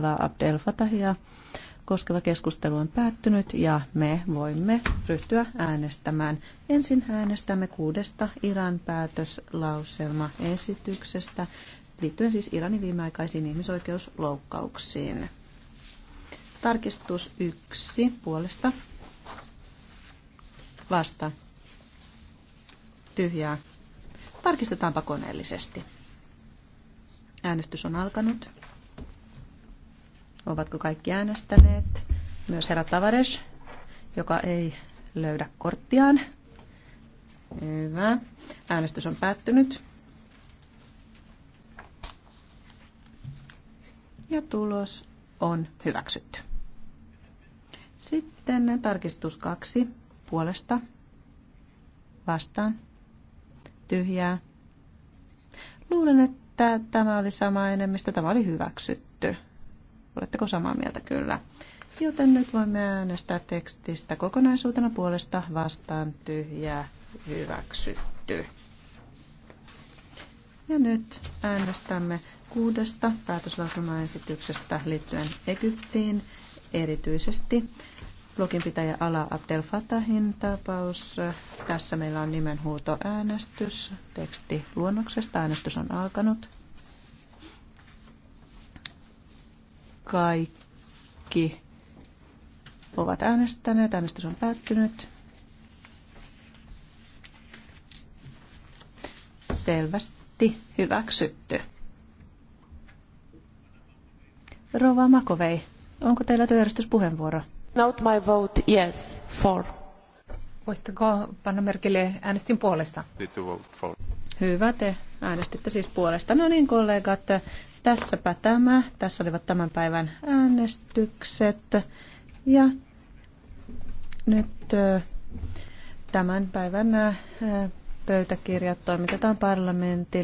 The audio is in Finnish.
Salah Abdel Fatahia koskeva keskustelu on päättynyt ja me voimme ryhtyä äänestämään. Ensin äänestämme kuudesta Iran päätöslauselmaesityksestä liittyen siis Iranin viimeaikaisiin ihmisoikeusloukkauksiin. Tarkistus yksi puolesta. Vasta. Tyhjää. Tarkistetaanpa koneellisesti. Äänestys on alkanut. Ovatko kaikki äänestäneet? Myös herra Tavares, joka ei löydä korttiaan. Hyvä. Äänestys on päättynyt. Ja tulos on hyväksytty. Sitten tarkistus kaksi puolesta vastaan tyhjää. Luulen, että tämä oli sama enemmistö, tämä oli hyväksytty. Oletteko samaa mieltä? Kyllä. Joten nyt voimme äänestää tekstistä kokonaisuutena puolesta vastaan tyhjä hyväksytty. Ja nyt äänestämme kuudesta päätöslausumaesityksestä liittyen Egyptiin, erityisesti bloginpitäjä Ala Abdel Fatahin tapaus. Tässä meillä on nimenhuutoäänestys. Teksti luonnoksesta äänestys on alkanut. kaikki ovat äänestäneet. Äänestys on päättynyt. Selvästi hyväksytty. Rova Makovei, onko teillä työjärjestyspuheenvuoro? Not my vote yes for. Voisitteko panna merkille äänestin puolesta? Hyvä, te äänestitte siis puolesta. No niin, kollegat, Tässäpä tämä. Tässä olivat tämän päivän äänestykset. Ja nyt tämän päivän pöytäkirjat toimitetaan parlamentille.